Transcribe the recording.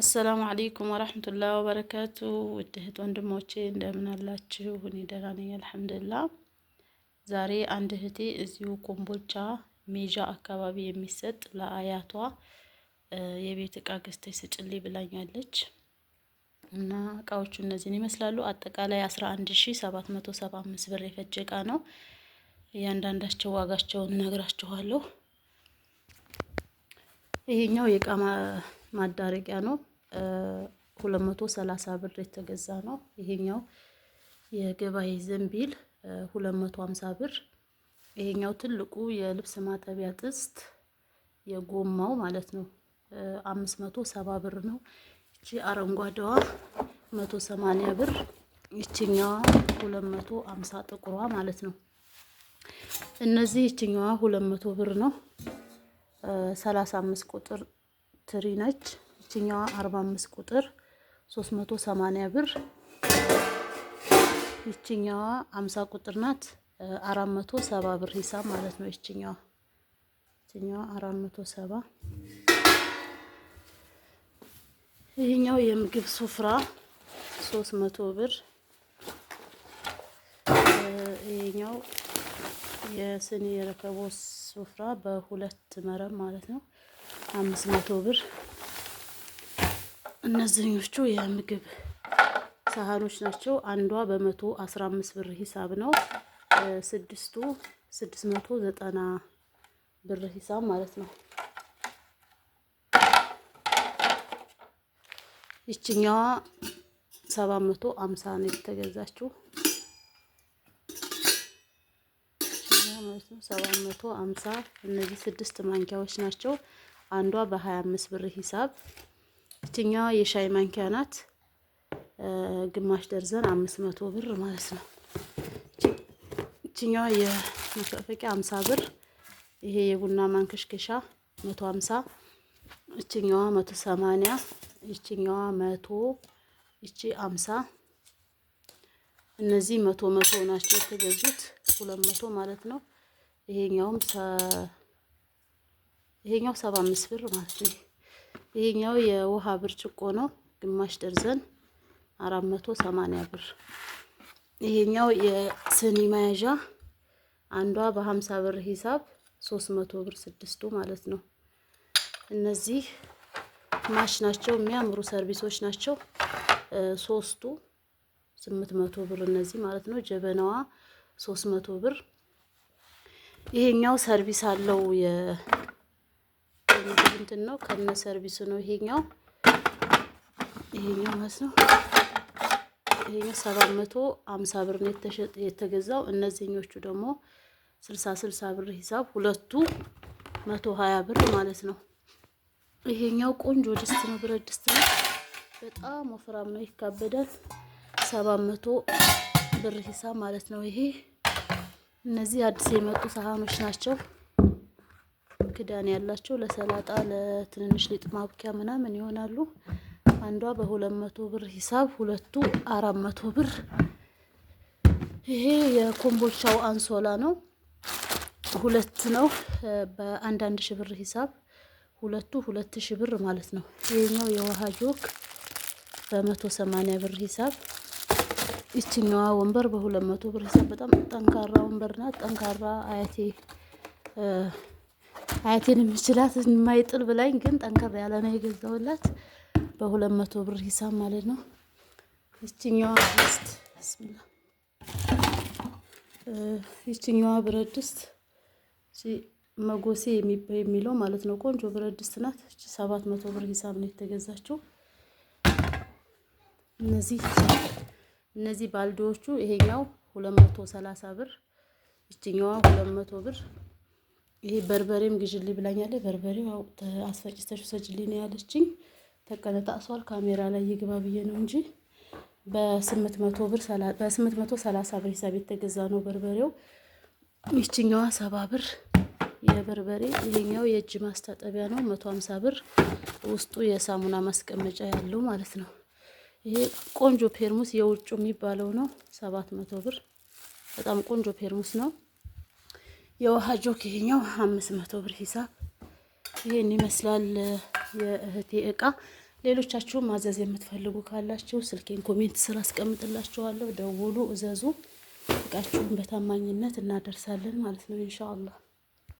አሰላሙ አለይኩም ወራህመቱላህ ወበረካቱ። ውድ እህት ወንድሞቼ እንደምን አላችሁ? እኔ ደህና ነኝ አልሐምዱሊላህ። ዛሬ አንድ እህቴ እዚሁ ኮምቦልቻ ሜዣ አካባቢ የሚሰጥ ለአያቷ የቤት እቃ ገዝተሽ ስጭልኝ ብላኛለች እና እቃዎቹ እነዚህን ይመስላሉ። አጠቃላይ 11775 ብር የፈጀ እቃ ነው። እያንዳንዳቸው ዋጋቸውን ነግራችኋለሁ። ይሄኛው የእቃ ማዳረቂያ ነው። 230 ብር የተገዛ ነው። ይሄኛው የገባይ ዘንቢል 250 ብር። ይሄኛው ትልቁ የልብስ ማጠቢያ ጥስት የጎማው ማለት ነው 570 ብር ነው። እቺ አረንጓዴዋ 180 ብር፣ ይችኛዋ 250 ጥቁሯ ማለት ነው። እነዚህ ይችኛዋ 200 ብር ነው 35 ቁጥር ትሪ ነች። ይችኛዋ 45 ቁጥር 380 ብር፣ ይችኛዋ 50 ቁጥር ናት 470 ብር ሂሳብ ማለት ነው። ይችኛዋ ይችኛዋ 470 ይህኛው የምግብ ሱፍራ 300 ብር ይሄኛው የስኒ የረከቦ ሱፍራ በሁለት መረብ ማለት ነው አምስት መቶ ብር። እነዚህኞቹ የምግብ ሳህኖች ናቸው። አንዷ በመቶ አስራ አምስት ብር ሂሳብ ነው። ስድስቱ ስድስት መቶ ዘጠና ብር ሂሳብ ማለት ነው። ይችኛዋ ሰባት መቶ አምሳ ነው የተገዛችው ማለት ነው። ሰባት መቶ አምሳ እነዚህ ስድስት ማንኪያዎች ናቸው። አንዷ በ25 ብር ሂሳብ እችኛዋ የሻይ ማንኪያ ናት። ግማሽ ደርዘን 500 ብር ማለት ነው። እችኛዋ የመፈፈቂያ 50 ብር፣ ይሄ የቡና ማንከሽከሻ 150፣ እችኛዋ 180፣ እችኛዋ 100፣ እቺ 50 እነዚህ መቶ መቶ ናቸው የተገዙት፣ ሁለት መቶ ማለት ነው። ይሄኛውም ይሄኛው ሰባ አምስት ብር ማለት ነው። ይሄኛው የውሃ ብርጭቆ ነው ግማሽ ደርዘን አራት መቶ ሰማንያ ብር። ይሄኛው የስኒ መያዣ አንዷ በሀምሳ ብር ሂሳብ ሶስት መቶ ብር ስድስቱ ማለት ነው። እነዚህ ማሽ ናቸው የሚያምሩ ሰርቪሶች ናቸው። ሶስቱ ስምንት መቶ ብር እነዚህ ማለት ነው። ጀበናዋ ሶስት መቶ ብር። ይሄኛው ሰርቪስ አለው ከነ እንትን ነው ከነ ነው። ይሄኛው ይሄኛው ማለት ነው። ይሄኛው 750 ብር ነው የተገዛው። እነዚህኞቹ ደግሞ 60 60 ብር ሂሳብ ሁለቱ 120 ብር ማለት ነው። ይሄኛው ቆንጆ ድስት ነው፣ ብረት ድስት ነው። በጣም ወፍራም ነው፣ ይካበዳል። 700 ብር ሂሳብ ማለት ነው። ይሄ እነዚህ አዲስ የመጡ ሳህኖች ናቸው። ክዳን ያላቸው ለሰላጣ ለትንንሽ ሊጥ ማብኪያ ምናምን ይሆናሉ። አንዷ በሁለት መቶ ብር ሂሳብ ሁለቱ አራት መቶ ብር። ይሄ የኮምቦቻው አንሶላ ነው። ሁለት ነው በአንዳንድ ሺህ ብር ሂሳብ ሁለቱ ሁለት ሺህ ብር ማለት ነው። ይሄኛው የውሃ ጆክ በመቶ ሰማንያ ብር ሂሳብ ይችኛዋ ወንበር በሁለት መቶ ብር ሂሳብ በጣም ጠንካራ ወንበር ናት። ጠንካራ አያቴ አያቴን የምችላት የማይጥል ብላኝ፣ ግን ጠንከር ያለ ነው የገዛሁላት በሁለት መቶ ብር ሂሳብ ማለት ነው። ይችኛዋ ድስት ይችኛዋ ብረት ድስት መጎሴ የሚለው ማለት ነው። ቆንጆ ብረት ድስት ናት። ሰባት መቶ ብር ሂሳብ ነው የተገዛችው። እነዚህ እነዚህ ባልዲዎቹ ይሄኛው ሁለት መቶ ሰላሳ ብር ይችኛዋ ሁለት መቶ ብር ይሄ በርበሬም ግዥልኝ ብላኛለች። በርበሬው ያው አስፈጭተሽ ውሰጅልኝ ነው ያለችኝ። ተቀነጣሷል ካሜራ ላይ ይግባ ብዬ ነው እንጂ በስምንት መቶ ብር በስምንት መቶ ሰላሳ ብር ሂሳብ የተገዛ ነው በርበሬው። ይችኛዋ ሰባ ብር የበርበሬ ይሄኛው የእጅ ማስታጠቢያ ነው መቶ ሀምሳ ብር ውስጡ የሳሙና ማስቀመጫ ያለው ማለት ነው። ይሄ ቆንጆ ፔርሙስ የውጩ የሚባለው ነው ሰባት መቶ ብር በጣም ቆንጆ ፔርሙስ ነው። የውሃ ጆክ ይሄኛው አምስት መቶ ብር ሂሳብ ይሄን ይመስላል የእህቴ እቃ። ሌሎቻችሁ ማዘዝ የምትፈልጉ ካላችሁ ስልኬን ኮሜንት ስር አስቀምጥላችኋለሁ። ደውሉ፣ እዘዙ። እቃችሁን በታማኝነት እናደርሳለን ማለት ነው ኢንሻአላህ።